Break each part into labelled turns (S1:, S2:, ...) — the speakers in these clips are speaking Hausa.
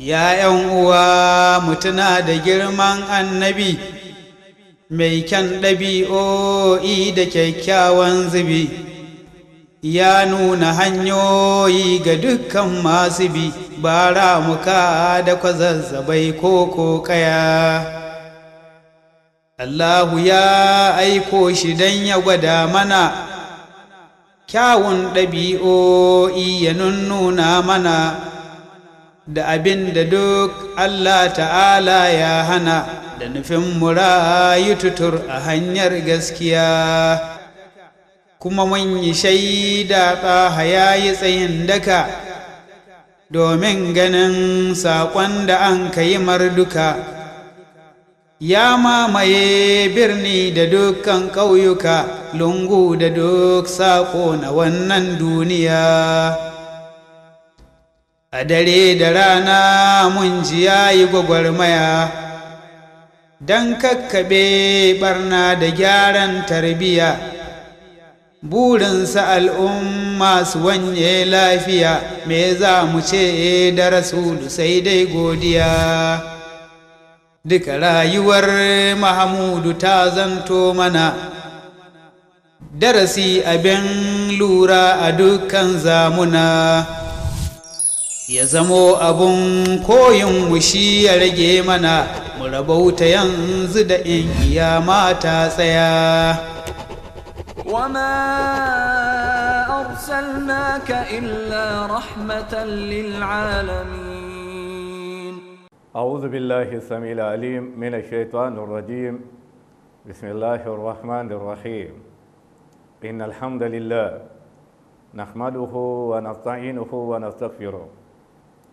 S1: ya uwa mutuna da girman annabi mai kyan ɗabi'o'i da kyakkyawan zubi ya nuna hanyoyi ga dukkan masu bi ba ramuka da kwazazzabai ko kokaya Allahu ya aiko shi don ya gwada mana kyawun ɗabi'o'i ya nunnuna mana da abin da duk Allah ta'ala ya hana da nufin yi tutur a hanyar gaskiya kuma mun yi shaida ɗaha ya yi tsayin daka domin ganin saƙon da an ka yi marduka ya mamaye birni da dukkan ƙauyuka lungu da duk saƙo na wannan duniya a dare da rana mun ji ya yi gwagwarmaya don kakkaɓe barna da gyaran tarbiya. burinsa al'umma su wanye lafiya me za mu ce da rasulu sai dai godiya duka rayuwar mahamudu ta zanto mana darasi abin lura a dukkan zamuna ya zamo abun koyin mushi ya rage mana mu rabauta yanzu da in kiyama ta tsaya وما أرسلناك إلا رحمة للعالمين
S2: أعوذ بالله السميع العليم من الشيطان الرجيم بسم الله الرحمن الرحيم إن الحمد لله نحمده ونستعينه ونستغفره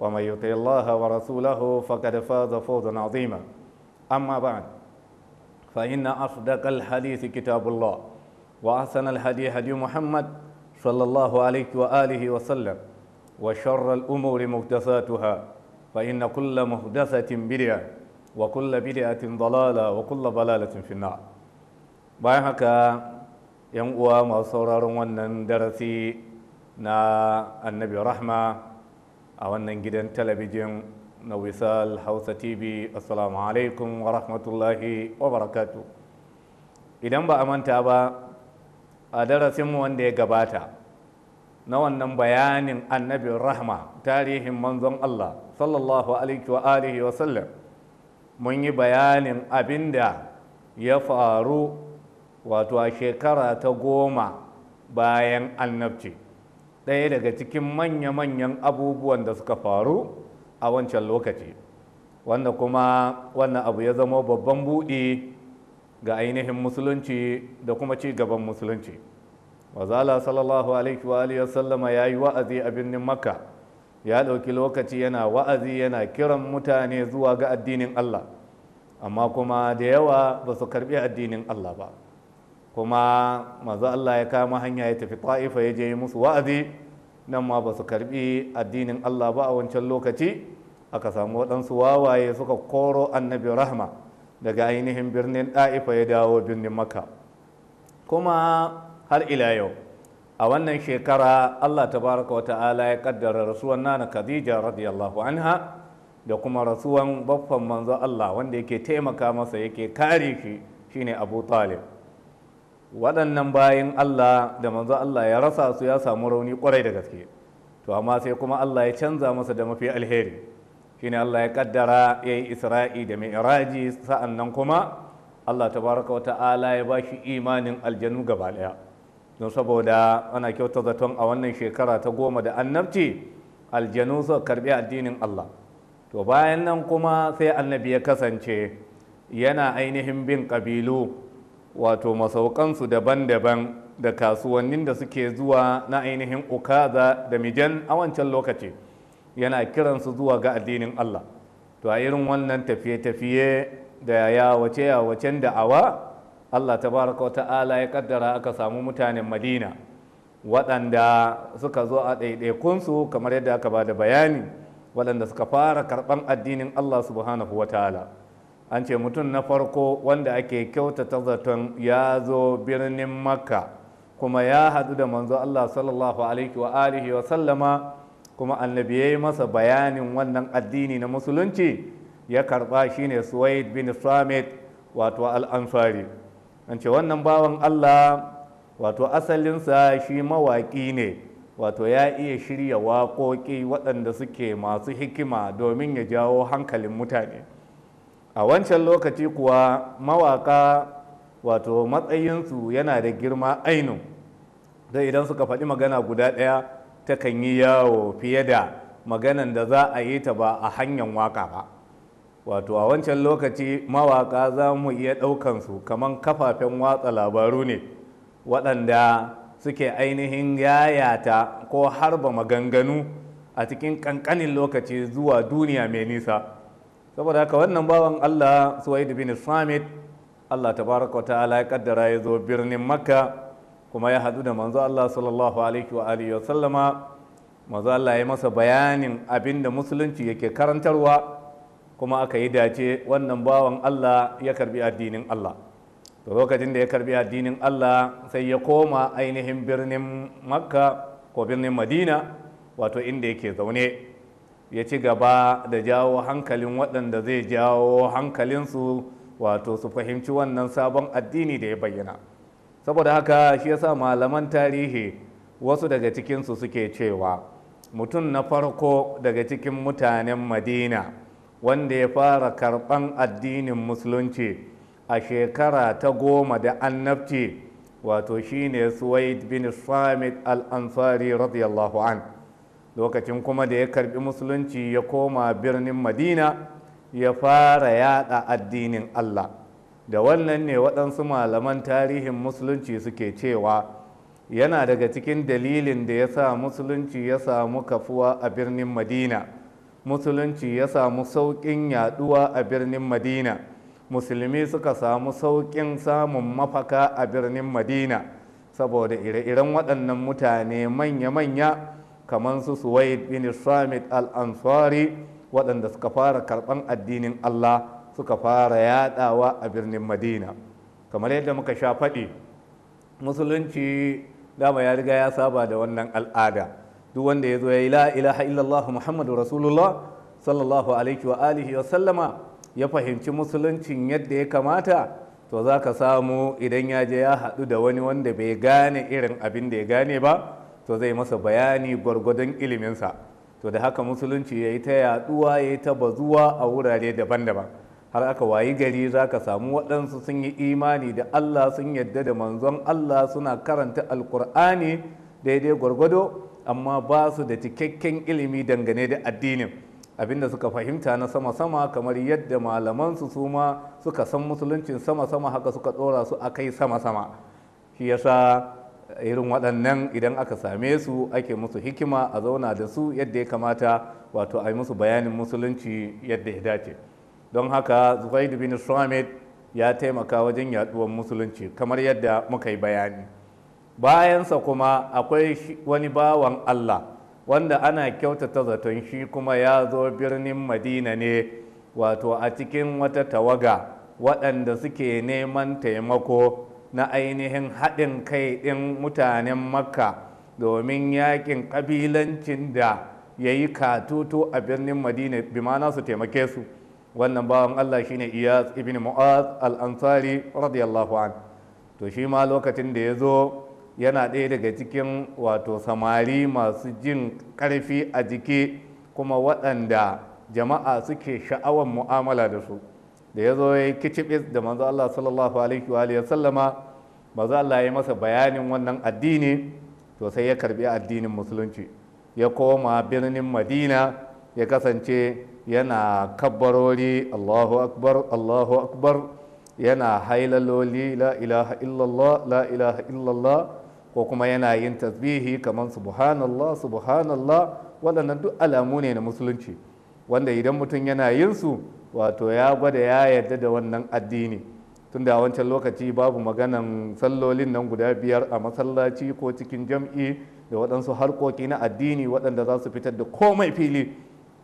S2: ومن يطع الله ورسوله فقد فاز فوزا عظيما أما بعد فإن أصدق الحديث كتاب الله وأحسن الهدي هدي محمد صلى الله عليه وآله وسلم وشر الأمور محدثاتها فإن كل محدثة بدعة وكل بدعة ضلالة وكل ضلالة في النار bayan haka yan uwa ونن درسي نا النبي رحمه a wannan gidan talabijin na wisal hausa tv assalamu alaikum wa rahmatullahi wa barakatu idan ba a manta ba a darasinmu wanda ya gabata na wannan bayanin annabin rahma tarihin manzon Allah sallallahu alaihi wa alihi wa sallam mun yi bayanin abinda ya faru wato a shekara ta goma bayan annabci ɗaya daga cikin manya-manyan abubuwan da suka faru a wancan lokaci wanda kuma wannan abu ya zama babban buɗi ga ainihin musulunci da kuma ci gaban musulunci wazala sallallahu alaihi wa alihi sallama ya yi wa'azi a birnin makka ya ɗauki lokaci yana wa'azi yana kiran mutane zuwa ga addinin allah amma kuma da yawa ba su karɓi addinin allah ba kuma manzo Allah ya kama hanya ya tafi ta'ifa ya je yi musu wa'azi nan ma ba su karbi addinin Allah ba a wancan lokaci aka samu waɗansu wawaye suka koro annabi rahma daga ainihin birnin ɗa'ifa ya dawo birnin makka kuma har ila yau a wannan shekara Allah tabaraka wa ta'ala ya kaddara rasuwan nana Khadija radiyallahu anha da kuma rasuwan baffan manzo Allah wanda yake taimaka masa yake kare shi shine Abu Talib waɗannan bayan Allah da manzo Allah ya rasa su ya samu rauni ƙwarai da gaske to amma sai kuma Allah ya canza masa da mafi alheri shine Allah ya kaddara ya yi isra'i da mi'raji sa'an nan kuma Allah tabaraka wa ta'ala ya ba shi imanin aljanu gaba ɗaya don saboda ana kyauta zaton a wannan shekara ta goma da annabci aljanu su karɓi addinin Allah to bayan nan kuma sai annabi ya kasance yana ainihin bin ƙabilu wato masaukansu daban-daban da kasuwannin da suke zuwa na ainihin ukaza da mijan a wancan lokaci yana kiransu zuwa ga addinin Allah to a irin wannan tafiye-tafiye da yawace yawacen da'awa Allah Ta baraka wa ta'ala ya kaddara aka samu mutanen Madina waɗanda suka zo a ɗaiɗaikunsu kamar yadda aka ba da bayani waɗanda suka fara karɓan addinin Allah subhanahu wa ta'ala an ce mutum na farko wanda ake kyautata zaton ya zo birnin makka kuma ya haɗu da manzo Allah sallallahu alaihi wa alihi wa sallama kuma annabi ya yi masa bayanin wannan addini na musulunci ya karɓa shine suwaid bin samit wato al'amfari an ce wannan bawan Allah wato asalinsa shi mawaƙi ne wato ya iya shirya waƙoƙi waɗanda suke masu hikima domin ya jawo hankalin mutane. a wancan lokaci kuwa mawaka wato matsayinsu yana da girma ainu da idan suka faɗi magana guda ɗaya takan yi yawo fiye da maganan da za a yi ta ba a hanyar waka ba wato a wancan lokaci mawaka za mu iya ɗaukansu kamar kafafen watsa labaru ne waɗanda suke ainihin yayata ko harba maganganu a cikin ƙanƙanin lokaci zuwa duniya mai nisa saboda haka wannan bawan Allah Suwaid bin Samit Allah tabaraka wa ta'ala ya kaddara ya zo birnin Makka kuma ya hadu da manzo Allah sallallahu alaihi wa alihi wa sallama manzo Allah ya masa bayanin abin da musulunci yake karantarwa kuma aka yi dace wannan bawan Allah ya karbi addinin Allah to lokacin da ya karbi addinin Allah sai ya koma ainihin birnin Makka ko birnin Madina wato inda yake zaune ya ci gaba da jawo hankalin waɗanda zai jawo hankalinsu wato su fahimci wannan sabon addini da ya bayyana saboda haka shi yasa malaman tarihi wasu daga cikinsu suke cewa mutum na farko daga cikin mutanen madina wanda ya fara karɓan addinin musulunci a shekara ta goma da annabci wato shine suwaid bin samit al-ansari radiyallahu an lokacin kuma da ya karbi musulunci ya koma birnin madina ya fara yada addinin allah da wannan ne waɗansu malaman tarihin musulunci suke cewa yana daga cikin dalilin da ya sa musulunci ya samu kafuwa a birnin madina musulunci ya samu sauƙin yaduwa a birnin madina musulmi suka samu sauƙin samun mafaka a birnin madina saboda ire-iren waɗannan mutane manya-manya kamar su suwaid bin samit al-ansari waɗanda suka fara karɓan addinin allah suka fara yaɗawa a birnin madina kamar yadda muka sha faɗi musulunci dama ya riga ya saba da wannan al'ada duk wanda ya zo ya yi la ilaha illallah muhammadu rasulullah sallallahu alaihi wa alihi wa sallama ya fahimci musuluncin yadda ya kamata to za ka samu idan ya je ya haɗu da wani wanda bai gane irin abin da ya gane ba to zai masa bayani gwargwadon iliminsa to da haka musulunci ya yi ta yaduwa ya yi ta bazuwa a wurare daban-daban har aka wayi gari za ka samu waɗansu sun yi imani da allah sun yadda da manzon allah suna karanta alkur'ani daidai gwargwado amma ba su da cikakken ilimi dangane da addinin abinda suka fahimta na sama-sama kamar yadda malamansu su ma suka san musuluncin sama-sama haka suka tsora su a kai sama-sama shi yasa irin waɗannan idan aka same su ake musu hikima a zauna da su yadda ya kamata wato a yi musu bayanin musulunci yadda ya dace don haka zubaid bin shamid ya taimaka wajen yaduwar musulunci kamar yadda muka yi bayani bayansa kuma akwai wani bawan allah wanda ana kyautata zaton shi kuma ya zo birnin madina ne wato a cikin wata tawaga waɗanda suke neman taimako na ainihin haɗin kai ɗin mutanen makka domin yakin ƙabilancin da ya yi katoto a birnin madina bimana su taimake su wannan bawan allah shine iyas ibn mu'az al-ansari radiyallahu an to shi ma lokacin da ya zo yana ɗaya daga cikin wato samari masu jin ƙarfi a jiki kuma waɗanda jama'a suke sha'awar mu'amala da su da ya zo ya yi kicibis da manzo Allah sallallahu alaihi wa sallama manzo Allah ya yi masa bayanin wannan addini to sai ya karbi addinin musulunci ya koma birnin madina ya kasance yana kabbarori Allahu akbar Allahu akbar yana hailaloli la ilaha illallah la ilaha illallah ko kuma yana yin tasbihi kamar subhanallah subhanallah waɗannan duk alamu ne na musulunci wanda idan mutum yana yin su wato ya gwada ya yarda da wannan addini tun da wancan lokaci babu maganan sallolin nan guda biyar a masallaci ko cikin jam'i da waɗansu harkoki na addini waɗanda za su fitar da komai fili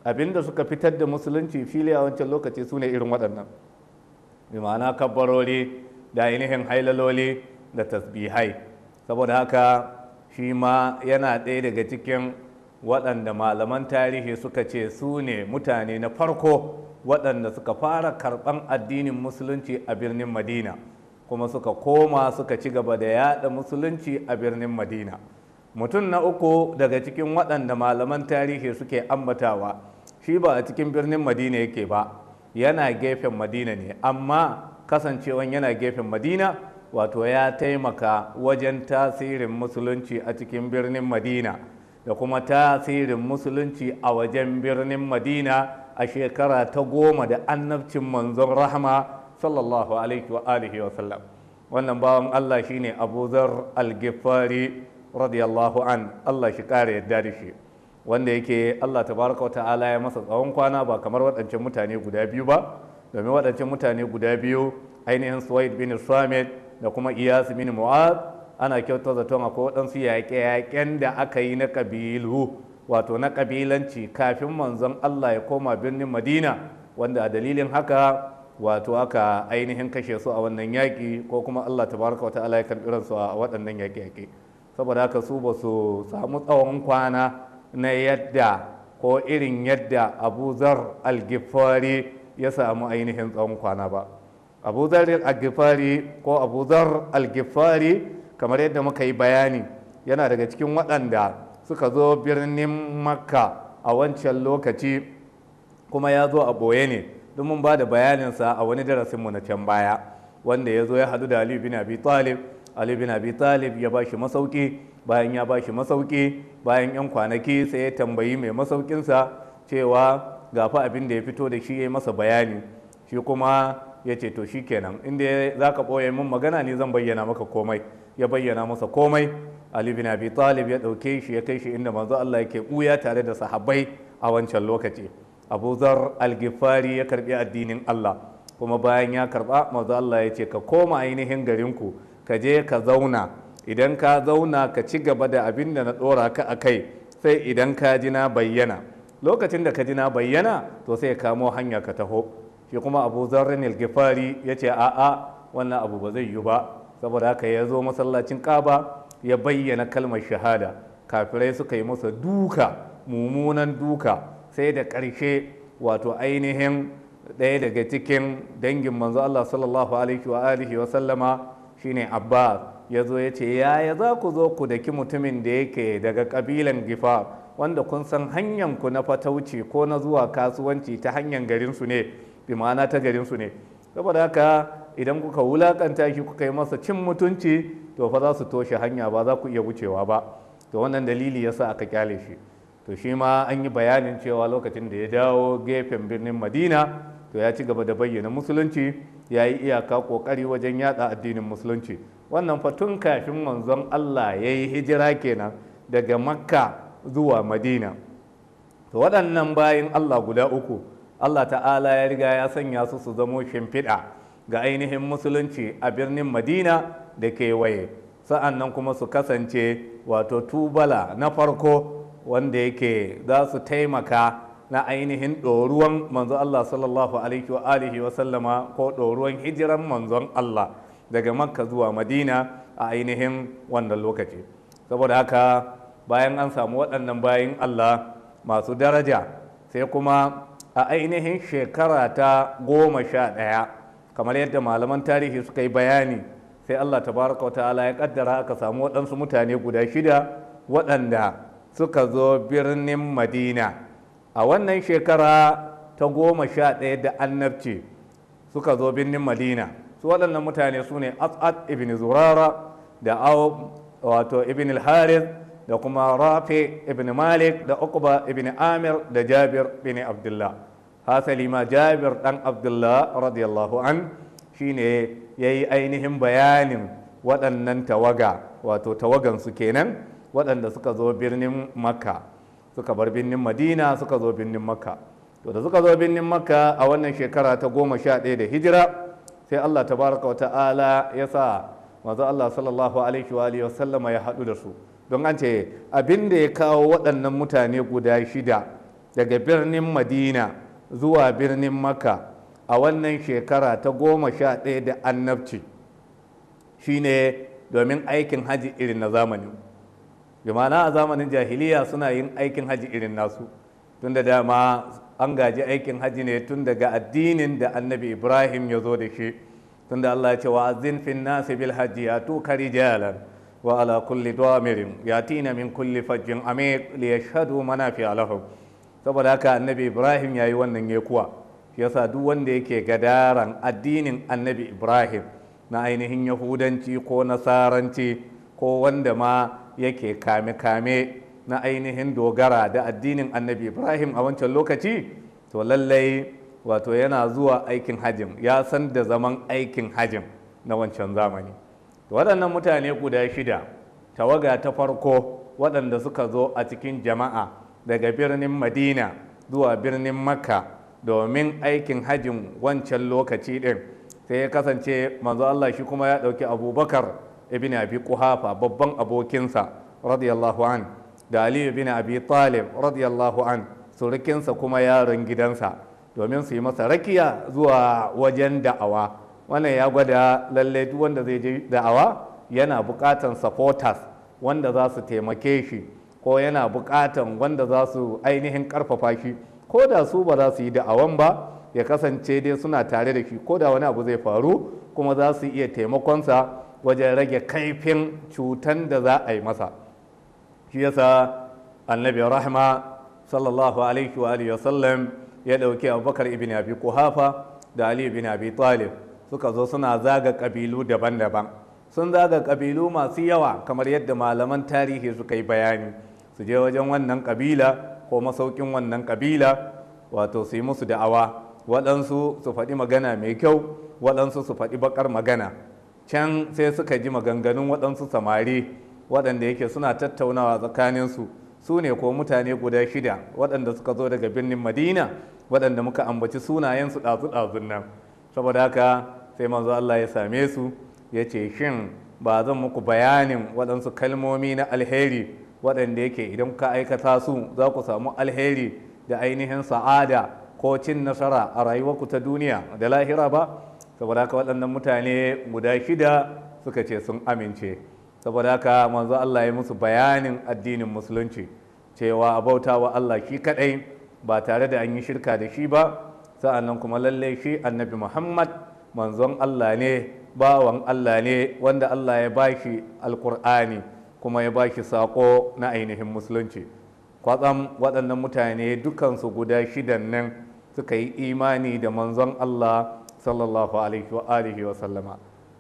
S2: abinda suka fitar da musulunci fili a wancan lokaci su ne irin waɗannan bi ma'ana kabbaroli da ainihin hailaloli da tasbihai saboda haka shi ma yana ɗaya daga cikin waɗanda malaman tarihi suka ce su ne mutane na farko waɗanda suka fara karɓan addinin musulunci a birnin madina kuma suka koma suka ci gaba da yada musulunci a birnin madina mutum na uku daga cikin waɗanda malaman tarihi suke ambatawa shi ba a cikin birnin madina yake ba yana gefen madina ne amma kasancewan yana gefen madina wato ya taimaka wajen tasirin musulunci a cikin birnin madina da kuma tasirin musulunci a wajen birnin madina a shekara ta goma da annabcin manzon rahama sallallahu alaihi wa alihi wa sallam wannan bawan Allah shine Abu Zar al radiyallahu an Allah shi kare yadda da shi wanda yake Allah tabaraka wa ta'ala ya masa tsawon kwana ba kamar waɗancan mutane guda biyu ba domin waɗancan mutane guda biyu ainihin Suwaid bin Samit da kuma Iyas bin Mu'ad ana kyauta zaton akwai waɗansu yaƙe-yaƙen da aka yi na ƙabilu wato na ƙabilanci kafin manzon Allah ya koma birnin Madina wanda a dalilin haka wato aka ainihin kashe su a wannan yaƙi ko kuma Allah ta wa wata ya karɓi ransu a waɗannan yaƙe-yaƙe saboda haka su ba su samu tsawon kwana na yadda ko irin yadda Abu Zar al-Ghifari ya samu ainihin tsawon kwana ba Abu Zar al-Ghifari ko Abu Zar al-Ghifari kamar yadda muka yi bayani yana daga cikin waɗanda suka zo birnin makka a wancan lokaci kuma ya zo a ɓoye ne don mun ba da bayaninsa a wani darasinmu na can baya wanda ya zo ya haɗu da aliyu bin abi talib aliyu bin abi talib ya ba shi masauki bayan ya ba shi masauki bayan 'yan kwanaki sai ya tambayi mai masaukinsa cewa gafa abin da ya fito da shi ya yi masa bayani shi kuma ya ce to shi kenan inda za ka ɓoye mun magana ne zan bayyana maka komai ya bayyana masa komai ali bin abi talib ya dauke shi ya kai shi inda manzo Allah yake buya tare da sahabbai a wancan lokaci abu zar al-gifari ya karbi addinin Allah kuma bayan ya karba manzo Allah ya ce ka koma ainihin garinku ka je ka zauna idan ka zauna ka ci gaba da abin da na dora ka akai sai idan ka ji na bayyana lokacin da ka ji na bayyana to sai ka kamo hanya ka taho shi kuma abu zarrin al-gifari ya ce a'a wannan abu ba zai yi ba saboda haka ya zo masallacin ƙaba ya bayyana kalmar shahada kafirai suka yi masa duka mummunan duka sai da ƙarshe wato ainihin ɗaya daga cikin dangin manzo Allah sallallahu alaihi wa alihi wa sallama shine Abbas ya zo ya ce yaya za ku zo ku daki mutumin da yake daga ƙabilan gifa wanda kun san hanyar ku na fatauci ko na zuwa kasuwanci ta hanyar garinsu ne bi ma'ana ta garinsu ne saboda haka idan kuka wulakanta shi kuka yi masa cin mutunci to fa za su toshe hanya ba za ku iya wucewa ba to wannan dalili yasa aka kyale shi to shi ma an yi bayanin cewa lokacin da ya dawo gefen birnin madina to ya ci gaba da bayyana musulunci ya yi iyaka kokari wajen yada addinin musulunci wannan fa tun kafin manzon allah ya yi hijira kenan daga makka zuwa madina to waɗannan bayan allah guda uku allah ta'ala ya riga ya sanya su su zamo shimfiɗa ga ainihin musulunci a birnin madina da kewaye sa'an nan kuma su kasance wato tubala na farko wanda yake za su taimaka na ainihin ɗoruwan manzo Allah sallallahu alaihi wa alihi sallama ko ɗoruwan hijiran manzon Allah daga makka zuwa madina a ainihin wannan lokaci saboda haka bayan an samu waɗannan bayan Allah masu daraja sai kuma a ainihin shekara ta goma sha ɗaya kamar yadda malaman tarihi suka yi bayani sai Allah tabaraka wa ta'ala ya kaddara aka samu waɗansu mutane guda shida waɗanda suka zo birnin madina a wannan shekara ta goma sha ɗaya da annabci suka zo birnin madina su waɗannan mutane su ne as'ad ibn zurara da awo wato ibn al da kuma rafi ibn malik da uqba ibn amir da jabir ibn abdullah hasalima jabir dan abdullah radiyallahu an shine yayi ainihin bayanin waɗannan tawaga wato tawagan su kenan waɗanda suka zo birnin makka suka bar birnin madina suka zo birnin makka to da suka zo birnin makka a wannan shekara ta goma sha ɗaya da hijira sai allah tabaraka wa ta'ala ya sa manzo allah sallallahu alaihi wa sallama ya haɗu da su don an ce abin da ya kawo waɗannan mutane guda shida daga birnin madina zuwa birnin makka a wannan shekara ta goma sha ɗaya da annabci shine domin aikin haji irin na zamanin bimana a zamanin jahiliya suna yin aikin haji irin nasu tun da dama an gaji aikin haji ne tun daga addinin da annabi ibrahim ya zo da shi tun da allah ce wa azin fin nasi bil ya tukari rijalan wa ala kulli damirin ya tina min kulli fajjin amir li yashhadu manafi lahum saboda haka annabi ibrahim ya yi wannan ya ya yasa duk wanda yake gadaran addinin annabi ibrahim na ainihin yahudanci ko nasaranci ko wanda ma yake kame-kame na ainihin dogara da addinin annabi ibrahim a wancan lokaci to lallai wato yana zuwa aikin hajjin ya san da zaman aikin hajjin na wancan zamani waɗannan mutane guda shida tawaga ta farko waɗanda suka zo a cikin jama'a daga birnin madina zuwa birnin makka domin aikin hajjin wancan lokaci ɗin sai ya kasance manzo Allah shi kuma ya ɗauki abubakar ibn abi kuhafa babban abokinsa radiyallahu an da Aliyu ibn abi talib radiyallahu an surukinsa kuma yaron gidansa domin su yi masa rakiya zuwa wajen da'awa wannan ya gwada lalle duk wanda zai je da'awa yana bukatan supporters wanda za su taimake shi ko yana buƙatan wanda za su ainihin ƙarfafa shi ko da su ba za su yi da'awan ba ya kasance dai suna tare da shi ko da wani abu zai faru kuma za su iya taimakonsa wajen rage kaifin cutan da za a yi masa shi yasa annabi rahma sallallahu alaihi wa alihi wasallam ya dauki abubakar ibn abi kuhafa da ali ibn abi talib suka zo suna zaga kabilu daban-daban sun zaga kabilu masu yawa kamar yadda malaman tarihi suka yi bayani su je wajen wannan kabila ko masaukin wannan kabila wato su yi musu da'awa waɗansu su faɗi magana mai kyau waɗansu su faɗi bakar magana can sai suka ji maganganun waɗansu samari waɗanda yake suna tattaunawa tsakaninsu su ne ko mutane guda shida waɗanda suka zo daga birnin madina waɗanda muka ambaci sunayensu ɗazu-ɗazun nan saboda haka sai manzo Allah ya same su ya ce shin ba zan muku bayanin waɗansu kalmomi na alheri waɗanda yake idan ka aikata su za ku samu alheri da ainihin sa'ada ko cin nasara a rayuwarku ta duniya da lahira ba saboda haka waɗannan mutane guda shida suka ce sun amince saboda haka manzo Allah ya musu bayanin addinin musulunci cewa a wa Allah shi kaɗai ba tare da an yi shirka da shi ba sa'annan kuma lallai shi annabi Muhammad manzon Allah ne bawan Allah ne wanda Allah ya bashi alkur'ani kuma ya ba shi saƙo na ainihin musulunci kwatsam waɗannan mutane dukansu guda shidan nan suka yi imani da manzon Allah sallallahu alaihi wa sallama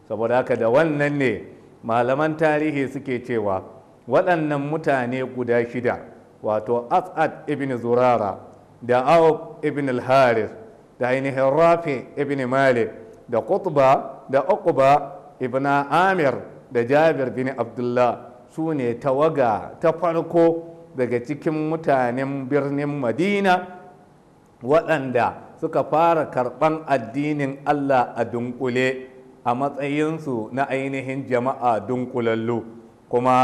S2: saboda haka da wannan ne malaman tarihi suke cewa waɗannan mutane guda shida wato as'ad ibn zurara da au ibn al-haris da ainihin rafi ibn malik da kutuba da uqba ibn amir da jabir bin abdullah su ne tawaga ta farko daga cikin mutanen birnin madina waɗanda suka fara karɓan addinin allah a dunkule a matsayinsu na ainihin jama'a dunkulallu kuma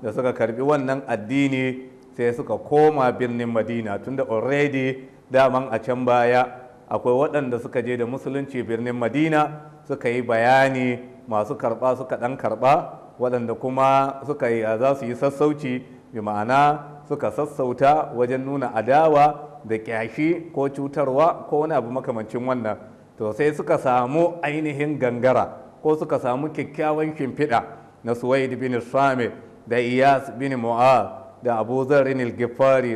S2: da suka karbi wannan addini sai suka koma birnin madina tunda already daman a can baya akwai waɗanda suka je da musulunci birnin madina suka yi bayani masu karɓa suka ɗan karɓa waɗanda kuma suka yi za su yi sassauci bi ma'ana suka sassauta wajen nuna adawa da ƙyashi ko cutarwa ko wani abu makamancin wannan to sai suka samu ainihin gangara ko suka samu kyakkyawan shimfiɗa na suwaid bin sami da iyas bin mu'az da abu zarin al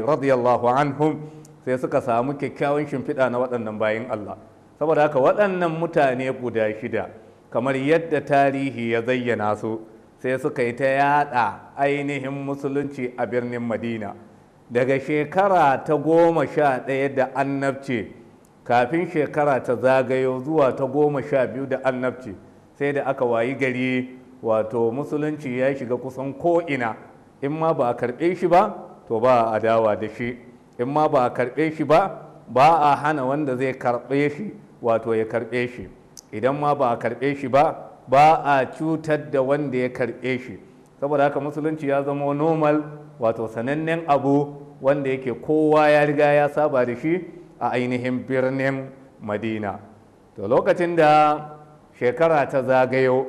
S2: radiyallahu anhum sai suka samu kyakkyawan shimfiɗa na waɗannan bayan allah saboda haka waɗannan mutane guda shida kamar yadda tarihi ya zayyana su sai suka yi ta yada ainihin musulunci a birnin madina daga shekara ta goma sha ɗaya da annabci kafin shekara ta zagayo zuwa ta goma sha biyu da annabci sai da aka wayi gari wato musulunci ya shiga kusan ko'ina in ma ba a karɓe shi ba to ba a adawa da shi in ma ba a karɓe shi ba ba a hana wanda zai karɓe shi wato ya karɓe shi idan ma ba a karɓe shi ba ba a cutar da wanda ya karɓe shi saboda haka musulunci ya zama normal wato sanannen abu wanda yake kowa ya riga ya saba da shi a ainihin birnin madina to lokacin da shekara ta zagayo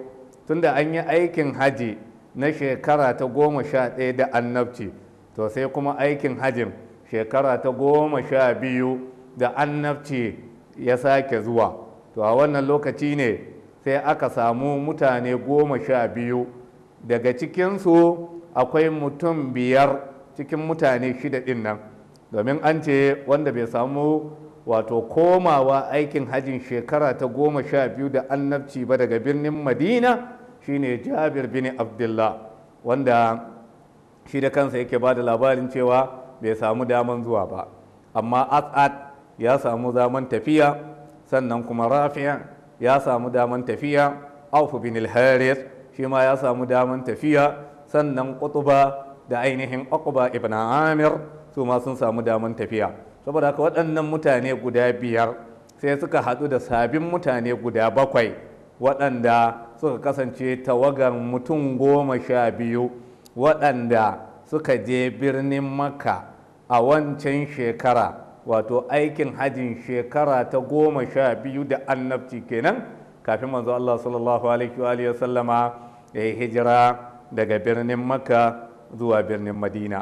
S2: tun da an yi aikin haji na shekara ta goma sha ɗaya da annabci to sai kuma aikin hajin shekara ta goma sha biyu da annabci ya sake zuwa to a wannan lokaci ne sai aka samu mutane goma sha biyu daga cikinsu akwai mutum biyar cikin mutane shida ɗin nan domin an ce wanda bai samu wato komawa aikin hajin shekara ta goma sha biyu da annabci ba daga birnin madina shine jabir bin abdullah wanda shi da kansa yake ba da labarin cewa bai samu daman zuwa ba amma as'ad ya samu zaman tafiya sannan kuma rafiya ya samu daman tafiya auf bin al-harith shi ma ya samu daman tafiya sannan qutba da ainihin aqba ibn amir su ma sun samu daman tafiya saboda haka waɗannan mutane guda biyar sai suka haɗu da sabin mutane guda bakwai waɗanda suka kasance tawagar mutum goma sha biyu waɗanda suka je birnin makka a wancan shekara wato aikin hajjin shekara ta goma sha biyu da annabci kenan kafin manzo Allah sallallahu alaihi wa sallama ya hijira daga birnin makka zuwa birnin madina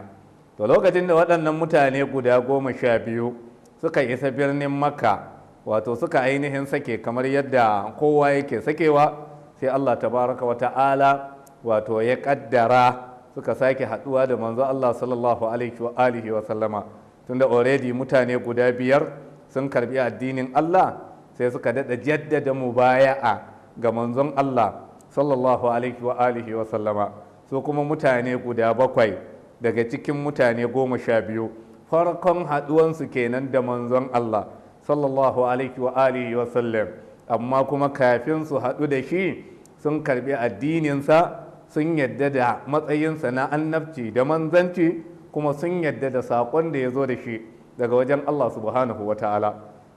S2: to lokacin da waɗannan mutane guda goma sha biyu suka isa birnin makka wato suka ainihin sake kamar yadda kowa yake sakewa sai Allah tabaraka wa ta'ala wato ya kaddara suka sake haɗuwa da manzo Allah sallallahu alaihi wa alihi wa sallama tunda already mutane guda biyar sun karbi addinin Allah sai suka dada jaddada mubaya'a ga manzon Allah sallallahu alaihi wa alihi wa sallama su kuma mutane guda bakwai daga cikin mutane goma sha biyu farkon haɗuwansu kenan da manzon Allah sallallahu alaihi wa alihi wa sallam amma kuma kafin su haɗu da shi sun karbi addininsa sun yadda da matsayinsa na annabci da manzanci kuma sun yadda da saƙon da ya zo da shi daga wajen Allah subhanahu wa ta'ala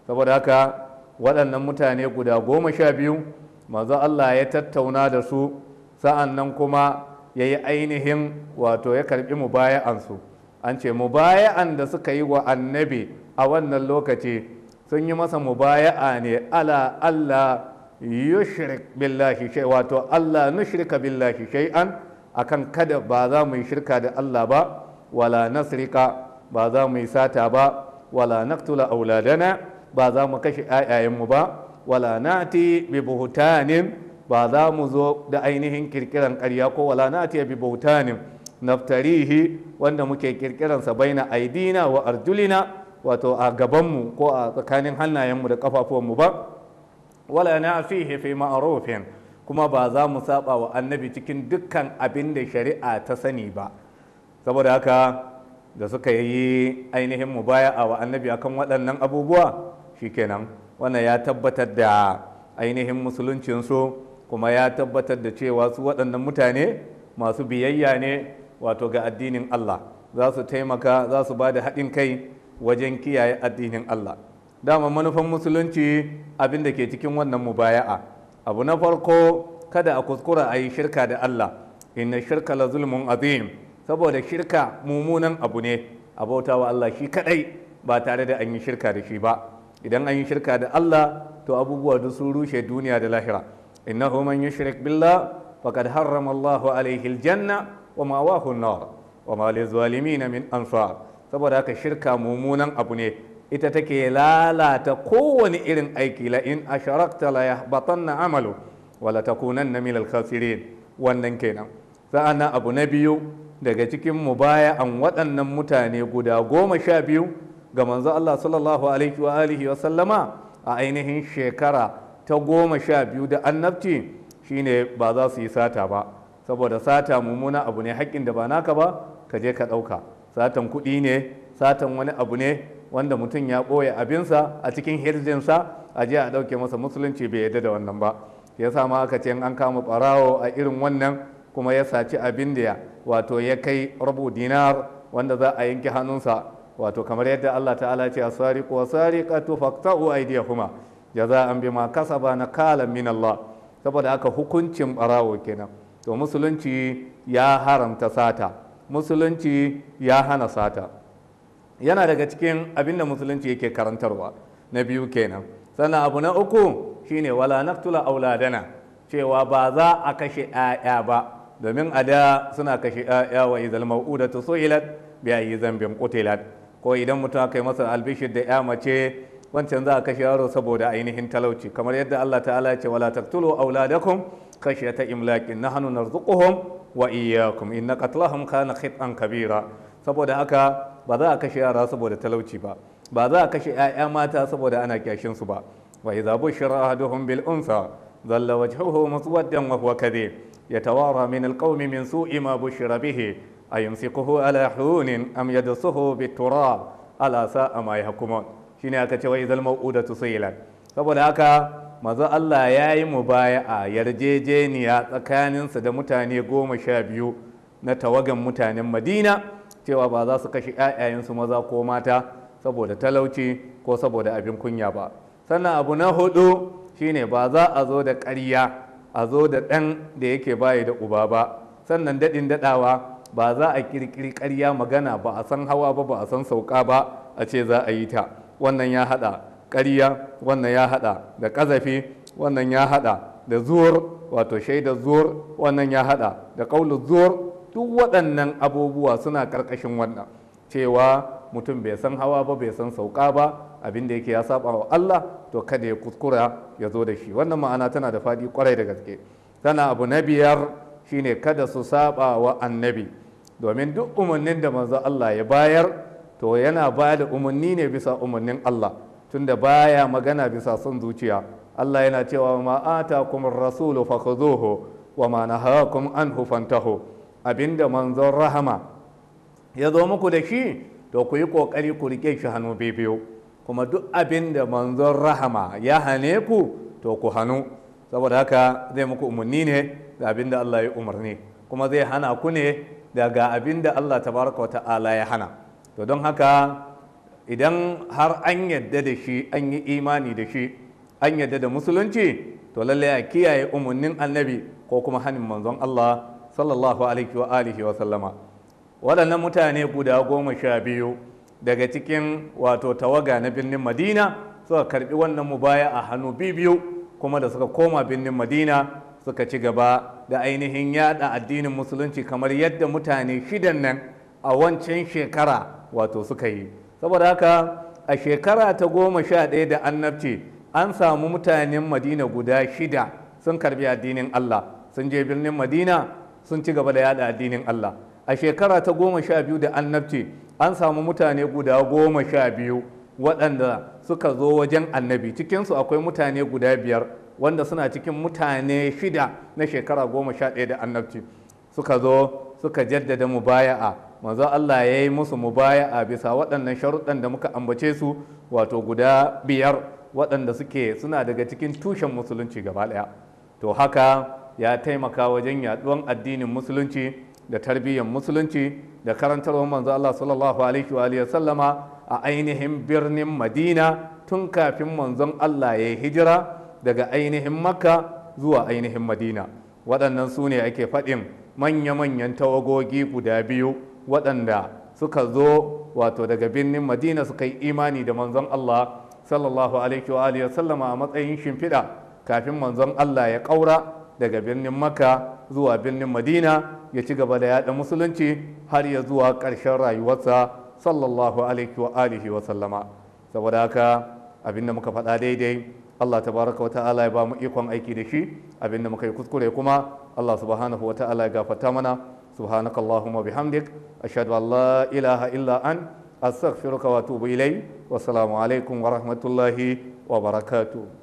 S2: saboda haka waɗannan mutane guda goma sha biyu manzo Allah ya tattauna da su sa'an nan kuma ya yi ainihin wato ya karɓi mubaya'ansu an ce mubaya'an da suka yi wa annabi a wannan lokaci sun yi masa mubaya'a ne ala Allah yushrik billahi shay wato Allah nushrika billahi shay'an akan kada ba za mu yi shirka da Allah ba wala nasrika ba za mu yi sata ba wala naktula auladana ba za mu kashe ayayenmu ba wala nati bi buhutanin ba za mu zo da ainihin kirkiran karya. ko wala nati bi buhutanin naftarihi wanda muke kirkiransa baina aidina wa arjulina wato a gabanmu ko a tsakanin hannayenmu da kafafuwanmu ba wala na fihi fi ma'rufin kuma ba za mu saba wa annabi cikin dukkan abinda shari'a ta sani ba saboda haka da suka yi ainihin mubaya'a wa annabi akan waɗannan abubuwa shi shikenan wannan ya tabbatar da ainihin musuluncinsu kuma ya tabbatar da cewa su waɗannan mutane masu biyayya ne wato ga addinin Allah za su taimaka za su ba da haɗin kai wajen kiyaye addinin Allah dama manufan musulunci abin da ke cikin wannan mubaya'a abu na farko kada a kuskura a yi shirka da Allah inna shirka la zulmun azim saboda shirka mummunan abu ne a bautawa Allah shi kadai ba tare da an yi shirka da shi ba idan an yi shirka da Allah to abubuwa duk sun rushe duniya da lahira innahu man yushrik billah faqad harrama Allahu alayhi aljanna wa ma'wahu an-nar wa ma lizalimin min ansar saboda haka shirka mummunan abu ne ita take lalata kowane irin aiki la in asharakta la yahbatanna amalu wa la takunanna min al-khasirin wannan kenan sa'annan abu na biyu daga cikin mu baya an waɗannan mutane guda goma sha biyu ga manzo Allah sallallahu alaihi wa alihi wa sallama a ainihin shekara ta goma sha biyu da annabci shine ba za su yi sata ba saboda sata mummuna abu ne haƙƙin da ba naka ba ka je ka ɗauka satan kuɗi ne satan wani abu ne wanda mutum ya ɓoye abinsa a cikin hirjinsa a je a ɗauke masa musulunci bai yarda da wannan ba ya sa ma aka ce an kama ɓarawo a irin wannan kuma ya saci abin da wato ya kai rabu dinar wanda za a yanke hannunsa wato kamar yadda Allah ta'ala ce asariqu wasariqatu bi ma jaza'an bima kasaba kala min Allah saboda haka hukuncin barawo kenan to musulunci ya haramta sata musulunci ya hana sata yana daga cikin abin da musulunci yake karantarwa na biyu kenan sannan abu na uku shine wala naqtula auladana cewa ba za a kashe 'ya'ya ba domin a da suna kashe ‘ya'ya wa izal ma'uda ta su'ilat biya yi zambin kutilat ko idan mutum aka yi masa albishir da ‘ya mace wancan za a kashe yaro saboda ainihin talauci kamar yadda Allah ta'ala ce wala taqtulu auladakum khashyata imlakin nahnu narzuquhum wa iyyakum inna qatlahum kana khit'an kabira saboda haka ba za a kashe yara saboda talauci ba ba za a kashe ‘ya'ya mata saboda ana kyashin su ba wa idza bushira ahaduhum bil unsa ظل وجهه مسودا وهو كذب يتوارى من القوم من سوء ما بشر به أيمسكه على حون أم يدسه بالتراب ألا ساء ما يحكمون شنو أكا وإذا الموءودة سئلت saboda haka maza Allah ya yi a yarjejeniya tsakaninsa da mutane goma sha biyu na tawagan mutanen madina cewa ba za su kashe 'ya'yayensu maza ko mata saboda talauci ko saboda abin kunya ba sannan abu na hudu shine ba za a zo da ƙarya a zo da ɗan da yake bayi da uba ba sannan daɗin daɗawa ba za a ƙirƙiri ƙarya magana ba a san hawa ba ba a san sauka ba a ce za a yi ta wannan ya haɗa ƙarya wannan ya haɗa da ƙazafi wannan ya haɗa da zuwar wato shaidar zuwar wannan ya haɗa da ƙaunar zuwar duk waɗannan abubuwa suna ƙarƙashin wannan cewa mutum bai san hawa ba bai san sauka ba abin da yake ya saba wa Allah to kada ya kuskura ya zo da shi wannan ma'ana tana da faɗi kwarai da gaske tana abu na biyar shine kada su saba wa annabi domin duk umarnin da manzo Allah ya bayar to yana ba da umarni ne bisa umarnin Allah tunda baya magana bisa son zuciya Allah yana cewa ma atakum rasulu fakhuduhu wa ma nahakum anhu fantahu abinda manzon rahama ya zo muku da shi to ku yi ƙoƙari ku riƙe shi hannu biyu kuma duk abin da manzon rahama ya hane ku to ku hannu saboda haka zai muku umarni ne da abin da Allah ya umarni kuma zai hana ku ne daga abin da Allah tabaraka ta'ala ya hana to don haka idan har an yadda da shi an yi imani da shi an yadda da musulunci to lalle a kiyaye umarnin annabi ko kuma hanin manzon Allah sallallahu alaihi wa alihi wa sallama waɗannan mutane guda goma sha biyu daga cikin wato tawaga na birnin madina suka karɓi wannan mu baya a hannu biyu kuma da suka koma birnin madina suka ci gaba da ainihin yada addinin musulunci kamar yadda mutane shidan nan a wancan shekara wato suka yi saboda haka a shekara ta goma sha ɗaya da annabci an samu mutanen madina guda shida sun karbi addinin allah sun je birnin madina sun ci gaba da yada addinin allah a shekara ta goma sha biyu da annabci an samu mutane guda goma sha biyu waɗanda suka zo wajen annabi cikinsu akwai mutane guda biyar wanda suna cikin mutane shida na shekara goma sha ɗaya da annabci suka zo suka jaddada mubaya'a manzo Allah ya yi musu mubaya'a bisa waɗannan sharuɗan da muka ambace su wato guda biyar waɗanda suke suna daga cikin tushen musulunci gaba ɗaya to haka ya taimaka wajen yaɗuwan addinin musulunci da tarbiyyar musulunci da karantarwar manzo Allah sallallahu alaihi wa alihi sallama a ainihin birnin Madina tun kafin manzon Allah ya hijira daga ainihin Makka zuwa ainihin Madina waɗannan su ne ake faɗin manya-manyan tawagogi guda biyu waɗanda suka zo wato daga birnin Madina suka yi imani da manzon Allah sallallahu alaihi wa alihi sallama a matsayin shimfiɗa kafin manzon Allah ya ƙaura daga birnin Makka zuwa birnin Madina ya ci gaba da yaɗa musulunci har ya zuwa ƙarshen rayuwarsa sallallahu alaihi wa alihi wa sallama saboda haka abin da muka faɗa daidai Allah tabaraka wa ta'ala ya ba mu ikon aiki da shi abin da muka yi kuskure kuma Allah subhanahu wa ta'ala ya gafarta mana subhanakallahumma bihamdik ashhadu an la ilaha illa an astaghfiruka wa atubu ilai wa assalamu alaikum wa rahmatullahi wa barakatuh